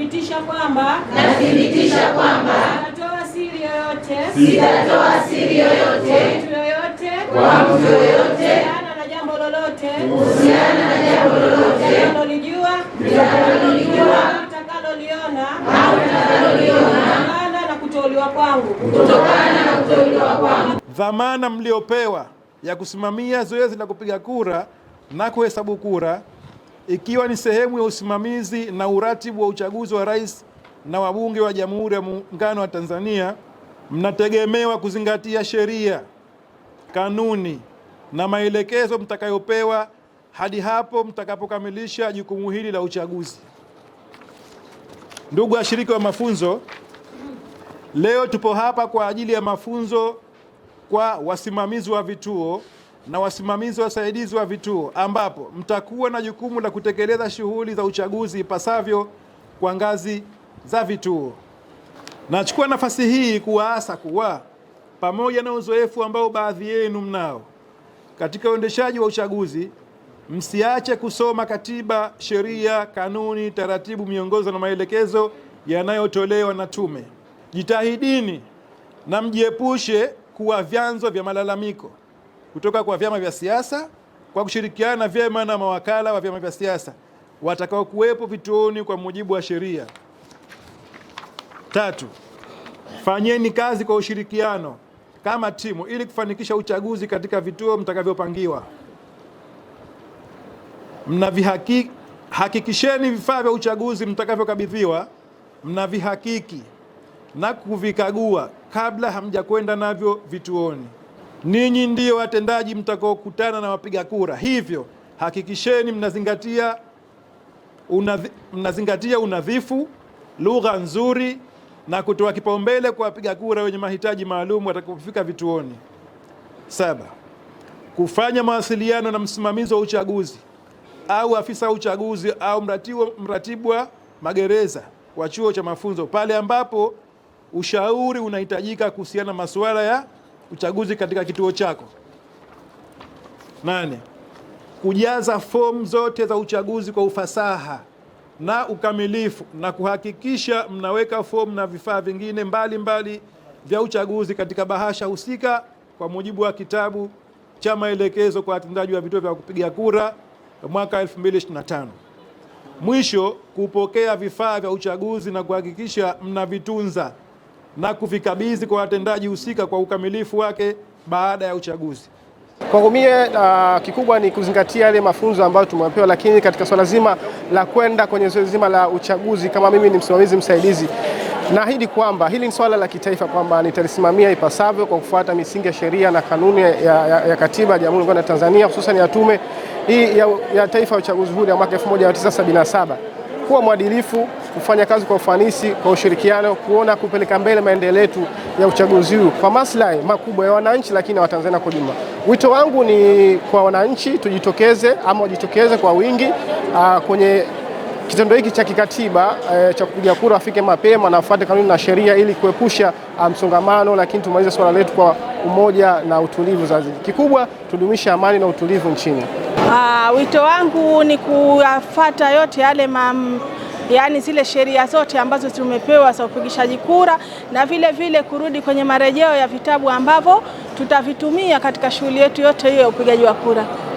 Nathibitisha kwamba nathibitisha kwamba sitatoa siri yoyote sitatoa siri yoyote kwa mtu yoyote kuhusiana na jambo lolote kuhusiana na jambo lolote nitakalolijua nitakalolijua nitakaloliona au nitakaloliona kutokana na kuteuliwa kwangu kutokana na kuteuliwa kwangu. Dhamana mliopewa ya kusimamia zoezi la kupiga kura na kuhesabu kura ikiwa ni sehemu ya usimamizi na uratibu wa uchaguzi wa rais na wabunge wa Jamhuri ya Muungano wa Tanzania, mnategemewa kuzingatia sheria, kanuni na maelekezo mtakayopewa hadi hapo mtakapokamilisha jukumu hili la uchaguzi. Ndugu washiriki wa mafunzo, leo tupo hapa kwa ajili ya mafunzo kwa wasimamizi wa vituo na wasimamizi wasaidizi wa vituo ambapo mtakuwa na jukumu la kutekeleza shughuli za uchaguzi ipasavyo kwa ngazi za vituo. Nachukua nafasi hii kuwaasa kuwa pamoja na uzoefu ambao baadhi yenu mnao katika uendeshaji wa uchaguzi, msiache kusoma katiba, sheria, kanuni, taratibu, miongozo na maelekezo yanayotolewa na Tume. Jitahidini na mjiepushe kuwa vyanzo vya malalamiko kutoka kwa vyama vya siasa kwa kushirikiana vyema na mawakala wa vyama vya siasa watakaokuwepo vituoni kwa mujibu wa sheria. Tatu, fanyeni kazi kwa ushirikiano kama timu ili kufanikisha uchaguzi katika vituo mtakavyopangiwa. Mnavihakiki, hakikisheni vifaa vya uchaguzi mtakavyokabidhiwa mnavihakiki na kuvikagua kabla hamjakwenda navyo vituoni. Ninyi ndio watendaji mtakaokutana na wapiga kura, hivyo hakikisheni mnazingatia unadhi, mnazingatia unadhifu, lugha nzuri na kutoa kipaumbele kwa wapiga kura wenye mahitaji maalum watakapofika vituoni. Saba, kufanya mawasiliano na msimamizi wa uchaguzi au afisa wa uchaguzi au mratibu wa magereza wa chuo cha mafunzo pale ambapo ushauri unahitajika kuhusiana na masuala ya uchaguzi katika kituo chako. Nane, kujaza fomu zote za uchaguzi kwa ufasaha na ukamilifu na kuhakikisha mnaweka fomu na vifaa vingine mbalimbali vya uchaguzi katika bahasha husika kwa mujibu wa kitabu cha maelekezo kwa watendaji wa vituo vya kupiga kura mwaka 2025. Mwisho, kupokea vifaa vya uchaguzi na kuhakikisha mnavitunza na kuvikabidhi kwa watendaji husika kwa ukamilifu wake baada ya uchaguzi. Kwangu mie uh, kikubwa ni kuzingatia yale mafunzo ambayo tumepewa, lakini katika swala zima la kwenda kwenye zoezi zima la uchaguzi, kama mimi ni msimamizi msaidizi, naahidi kwamba hili ni swala la kitaifa, kwamba nitalisimamia ipasavyo kwa kufuata misingi ya sheria na kanuni ya, ya, ya katiba ya Jamhuri ya Muungano wa Tanzania, hususan ya tume hii ya, ya taifa ya uchaguzi huru ya mwaka 1977 kuwa mwadilifu kufanya kazi kwa ufanisi, kwa ushirikiano, kuona kupeleka mbele maendeleo yetu ya uchaguzi huu kwa maslahi makubwa ya wananchi, lakini na Watanzania kwa ujumla. Wito wangu ni kwa wananchi tujitokeze, ama wajitokeze kwa wingi aa, ah, kwenye kitendo hiki cha kikatiba e, cha kupiga kura, afike mapema na afuate kanuni na sheria ili kuepusha ah, msongamano, lakini tumalize swala letu kwa umoja na utulivu zaidi. Kikubwa tudumisha amani na utulivu nchini. Aa, ah, wito wangu ni kuyafuata yote yale mam yaani zile sheria zote ambazo tumepewa za upigishaji kura na vile vile kurudi kwenye marejeo ya vitabu ambavyo tutavitumia katika shughuli yetu yote hiyo ya upigaji wa kura.